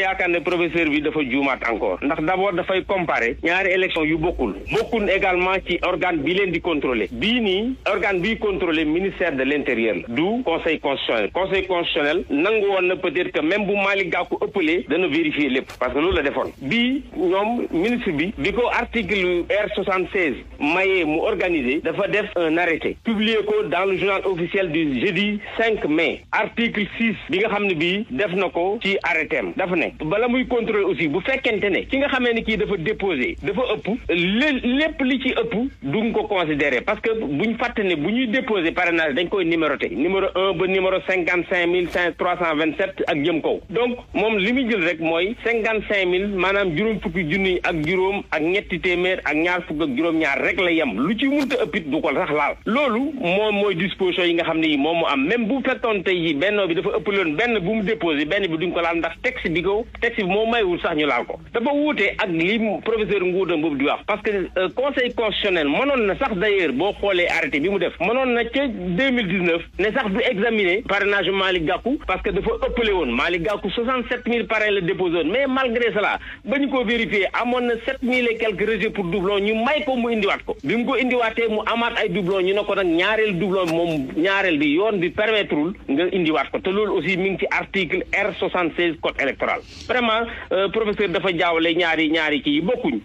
il a ne professeur bi dafa juumaat encore ndax d'abord faut comparer Il ñaari élection yu bokkul Beaucoup également ci organe bi leen di contrôler bii nii organe bi contrôler ministère de l'intérieur D'où le conseil constitutionnel conseil constitutionnel nangu ne peut-être que même bu Malick Gakou ëppalee dana vérifier lépp parce que loolu la defoon bii le ministre bi bi article R76 mayee mu organiser dafa def un arrêté publié dans le journal officiel du jeudi 5 mai article 6 bi nga xam ne bii def na arrêté mais bala muy contrôler aussi bu fekkente ne ki nga xamee ni kii dafa déposé dafa ëpp lépp li ci ëpp duñ ko considérer parce que buñ fàtte ne bu ñuy déposé parrainage dañ koy numéroté numéro 1 ba numéro cinquante ak jëm kaw donc moom li muy jël rek mooy 55000 cinq mille maanaam juróom fukki junni ak juróom ak ñetti téeméer ak ñaar fukk ak juróom-ñaar rek la yem lu ci munta ëppit du ko sax laal loolu moom mooy disposition yi nga xam ne yi moom mu am même bu fekkoon tey yi benn bi dafa ëpp loon benn bu mu déposé benn bi duñ ko laal ndax texte bi ko loolu texte bi moo maywul sax ñu laal ko dafa wuute ak li professeur Ngouda Mboup di wax parce que euh, conseil constitutionnel mënoon na sax d'ailleurs boo xoolee arrêté bi mu def mënoon na ca deux mille dix ne sax du examiner parrainage Malick Gakou parce que dafa ëppale woon Malick Gakou soixante sept mille parrain la woon mais malgré cela ba ñu ko vérifié amoon na sept mille et quelques rejets pour doublon ñu may ko mu indiwaat ko bi mu ko indiwaatee mu amaat ay doublon ñu ne ko nag ñaareel doublon bi moom ñaareel bi yoon bi permettre nga indiwaat ko te loolu aussi mi ngi ci article R soixante vraiment euh, professeur dafa jaawale ñaari ñaari kii yi bokkuñ